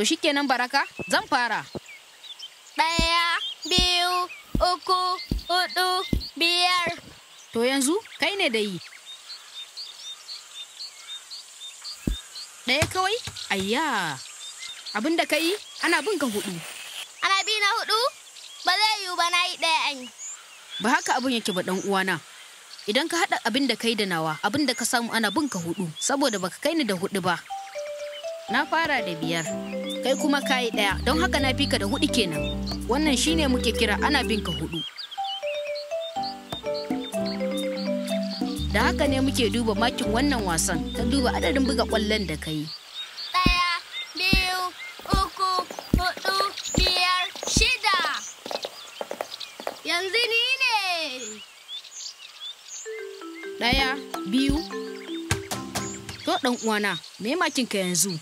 To shikenan baraka zan fara. Ɗaya, biyu, uku, hudu, biyar. To yanzu kai ne da yi. Ɗaya kawai? Ayya! Abin da ka ana bin ka hudu. Ana bi na hudu? Ba zai yiwu ba na yi ɗaya an yi. Ba haka abin yake ba ɗan uwana. Idan ka haɗa abin da kai da nawa, abin da ka samu ana bin ka hudu, saboda baka kai ni da hudu ba. Na fara da biyar. kai kuma kayi ɗaya don haka na fi ka da hudu kenan wannan shine muke kira ana bin ka hudu da haka ne muke duba makin wannan wasan ta duba adadin buga kwallon da ka yi ɗaya biyu yanzu ni to ɗan uwana me makinka yanzu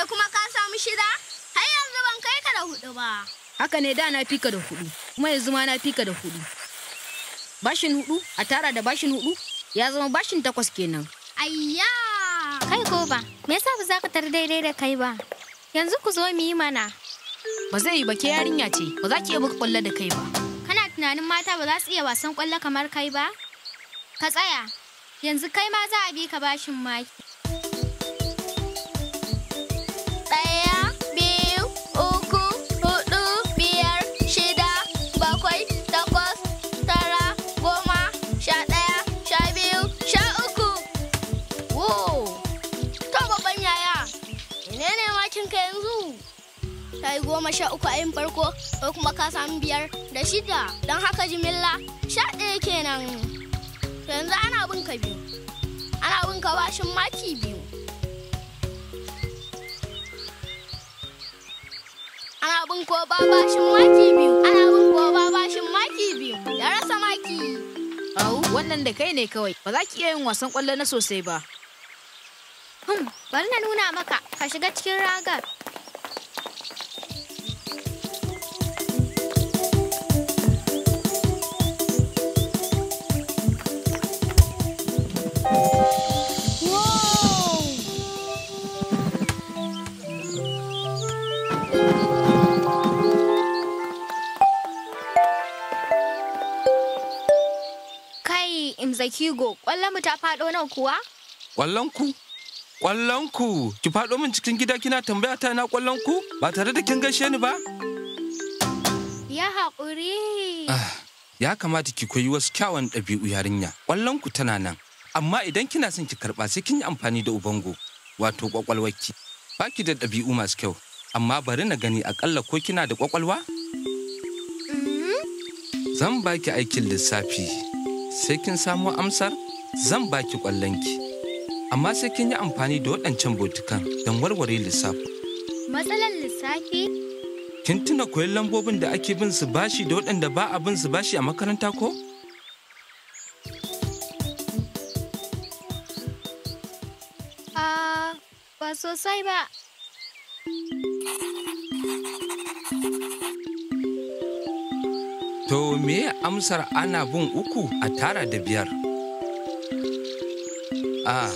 Kai kuma ka samu shida? Har yanzu ban kai ka da hudu ba. Haka ne da na fika da hudu, kuma yanzu ma na fika da hudu. Bashin hudu a tara da bashin hudu ya zama bashin takwas kenan. Ayya! Kai ko ba, me yasa ba za ka tar daidai da kai ba? Yanzu ku zo mu yi mana. Ba zai yi ba ke yarinya ce, ba za ki iya buga kwallo da kai ba. Kana tunanin mata ba za su iya wasan kwallo kamar kai ba? Ka tsaya, yanzu kai ma za a bi ka bashin maki. ka yanzu ta yi goma sha uku a yin farko ko kuma ka samu biyar da shida don haka jimilla sha ɗaya kenan to yanzu ana bin ka biyu ana bin ka bashin maki biyu ana bin ko ba bashin maki biyu ana bin ko ba bashin maki biyu ya rasa maki au wannan da kai ne kawai ba za ki iya yin wasan kwallo na sosai ba Hmm, bari na nuna maka, ka shiga cikin ragar. Kai, Imzakigo, ƙwallon mu ta faɗo nan kuwa? Ƙwallon ku? Ƙwallonku, ki faɗo min cikin gida kina tambaya ta na ƙwallonku ba tare da kin gaishe ni ba? Ya haƙuri. Ah, ya kamata ki koyi wasu kyawun ɗabi'u yarinya. Ƙwallonku tana nan. Amma idan kina son ki karɓa sai kin yi amfani da ubango, wato ƙwaƙwalwarki. Ba ki da ɗabi'u masu kyau, amma bari na gani aƙalla ko kina da ƙwaƙwalwa? Mm-hmm. Zan baki aikin lissafi, sai kin samo amsar, zan baki ƙwallonki. amma sai kin yi amfani da waɗancan botikan don warware lissafi. Matsalar lissafi? Kin tuna koyon lambobin da ake bin su bashi da waɗanda ba a bin su bashi a makaranta ko? A ba sosai ba. To me amsar ana bin uku a tara da biyar? Ah.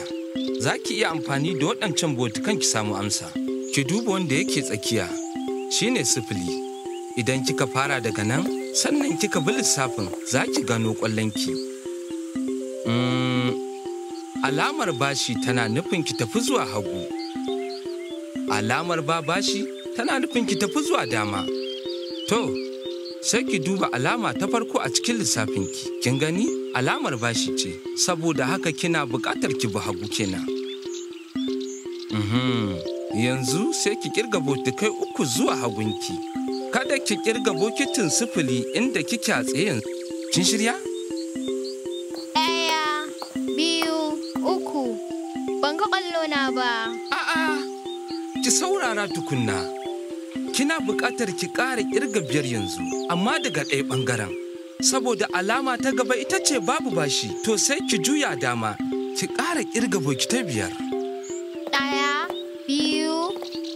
za ki iya amfani da waɗancan botikan ki samu amsa ki duba wanda yake tsakiya Shi ne sifili idan kika fara daga nan sannan kika bi lissafin za ki gano ƙwallonki mm, alamar bashi tana nufin ki tafi zuwa hagu alamar ba bashi tana nufin ki tafi zuwa dama to sai ki duba alama ta farko a cikin lissafinki kin gani alamar bashi ce saboda haka kina buƙatar ki bi hagu kenan mhm. yanzu sai ki kirga botikai uku zuwa hagunki kada ki kirga bokitin sifili inda kike a tsaye kin shirya ɗaya biyu uku ban ga na ba a'a ki saurara tukunna kina buƙatar ki ƙara kirga biyar yanzu amma daga ɗaya ɓangaren saboda alama ta gaba ita ce babu bashi to sai ki juya dama ki ƙara ƙirga bokita biyar ɗaya biyu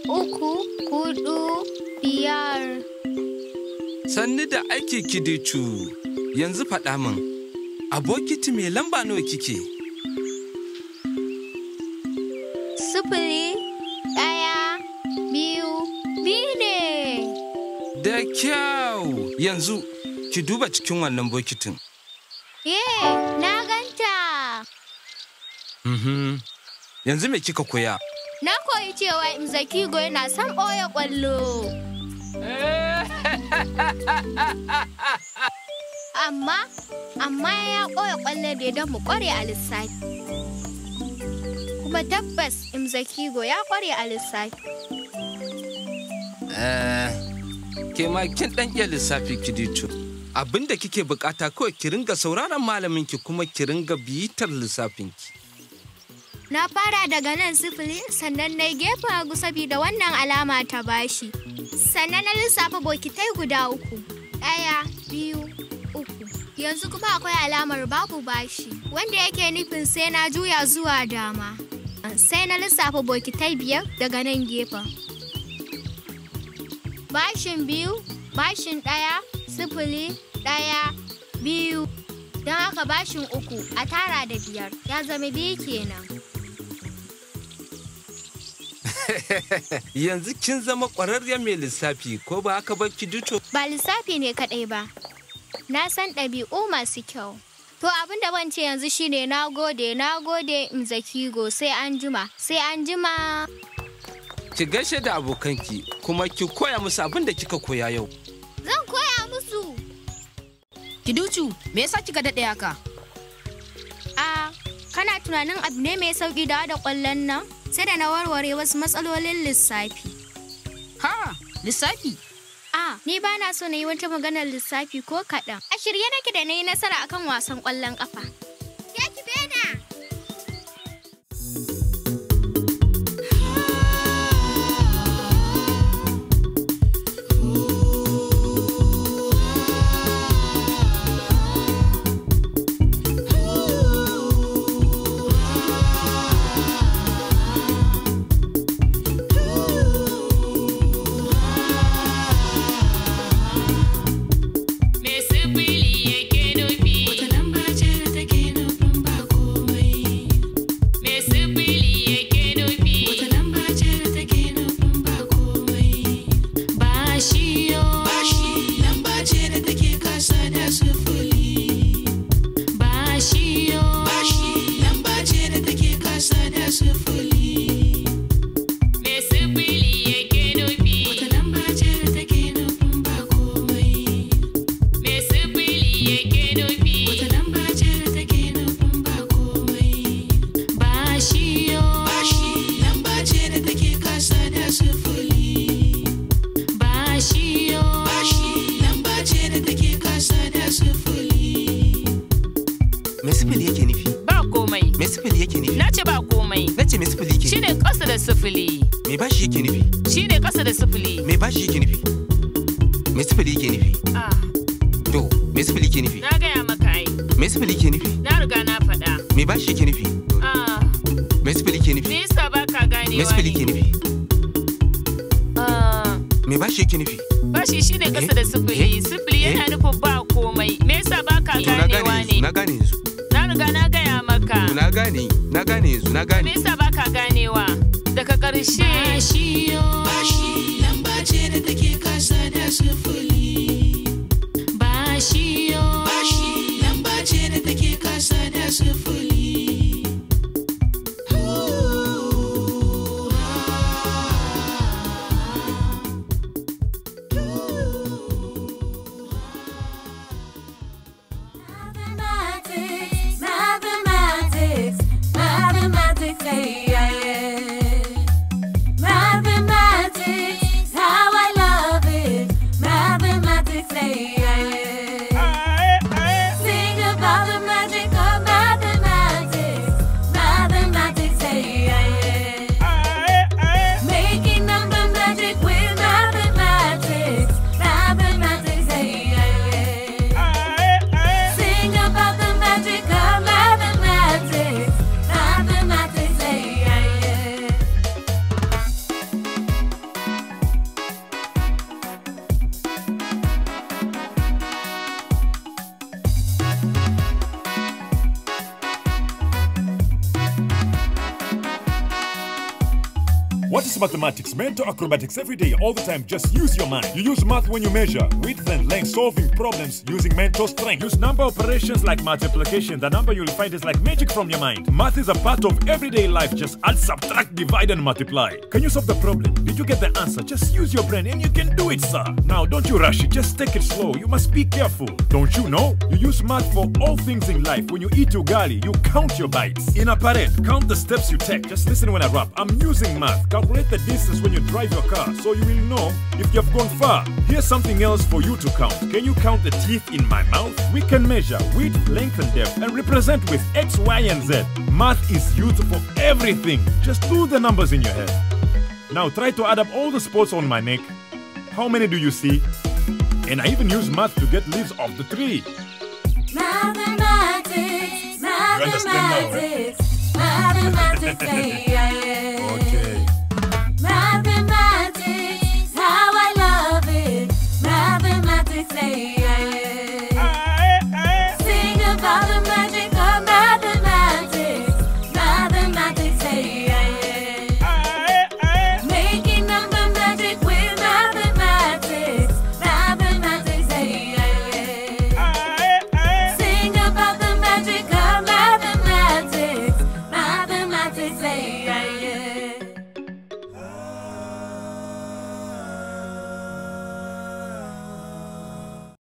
uku hudu biyar sannu da aiki kidicu yanzu faɗa min a bokiti mai lamba nawa kike sufuri ɗaya biyu biyu ne da kyau yanzu Ki duba cikin wannan bokitin. Ye, na ganta. Mhm. Yanzu me kika koya? Na koyi cewa go yana son ɓoye ƙwallo. Amma, amma ya ɓoye ƙwallo da don mu ƙware a lissafi. Kuma tabbas go ya ƙware a lissafi. Eh, ke ma kin ɗan iya lissafi kidito. abin da kike bukata kawai ki ringa sauraron malamin ki kuma ki ringa bitar lissafin ki na fara daga nan sifili sannan na gefe hagu saboda wannan alama ta bashi sannan na lissafa bokitai guda uku ɗaya biyu uku yanzu kuma akwai alamar babu bashi wanda yake nufin sai na juya zuwa dama sai na lissafa bokitai biyar daga nan gefen bashin biyu bashin ɗaya sifili ɗaya biyu don haka bashin uku a tara da biyar ya zama biyu kenan. Yanzu kin zama ƙwararren mai lissafi ko ba haka ba ki duto? Ba lissafi ne kaɗai ba, na san ɗabi'u masu kyau. To abin da ban ce yanzu shine na gode, na gode in go sai an jima, sai an jima. ki gaishe da abokanki kuma ki koya musu abin da kika koya yau zan koya musu kiducu me yasa kika daɗe haka a kana tunanin abu ne mai sauƙi da da ƙwallon nan sai da na warware wasu matsalolin lissafi ha lissafi a ni ba na so na yi wata maganar lissafi ko kaɗan a shirye nake da na yi nasara akan wasan ƙwallon ƙafa da sifili. Me shi yake nufi? Shi ne ƙasa da sifili. Me shi yake nufi? Me sifili yake nufi? Ah. To, me sifili yake nufi? Na gaya maka ai. Me sifili yake nufi? Na riga na faɗa. Me shi yake nufi? Ah. Me sifili yake nufi? Me yasa ba ka gane ne? Me sifili yake nufi? Ah. Me shi yake nufi? Ba shi shi ne eh, ƙasa da sifili. Eh, sifili yana eh. nufin ba komai. Me sa ba ka gane ne? Na gane yanzu. Na riga na gaya maka. Na gane, na gane yanzu, na gane. Me sa ba ka ganewa? karshe. Bashi lamba ce da take kasa da sufuri. mathematics, mental acrobatics every day, all the time. Just use your mind. You use math when you measure, width and length, solving problems using mental strength. Use number operations like multiplication. The number you'll find is like magic from your mind. Math is a part of everyday life. Just add, subtract, divide, and multiply. Can you solve the problem? Did you get the answer? Just use your brain and you can do it, sir. Now, don't you rush it. Just take it slow. You must be careful. Don't you know? You use math for all things in life. When you eat ugali, you count your bites. In a parade, count the steps you take. Just listen when I rap. I'm using math. Calculate the distance when you drive your car so you will know if you have gone far. Here's something else for you to count. Can you count the teeth in my mouth? We can measure width, length and depth and represent with X, Y and Z. Math is used for everything. Just do the numbers in your head. Now try to add up all the spots on my neck. How many do you see? And I even use math to get leaves off the tree. Mathematics, mathematics, mathematics, yeah, yeah.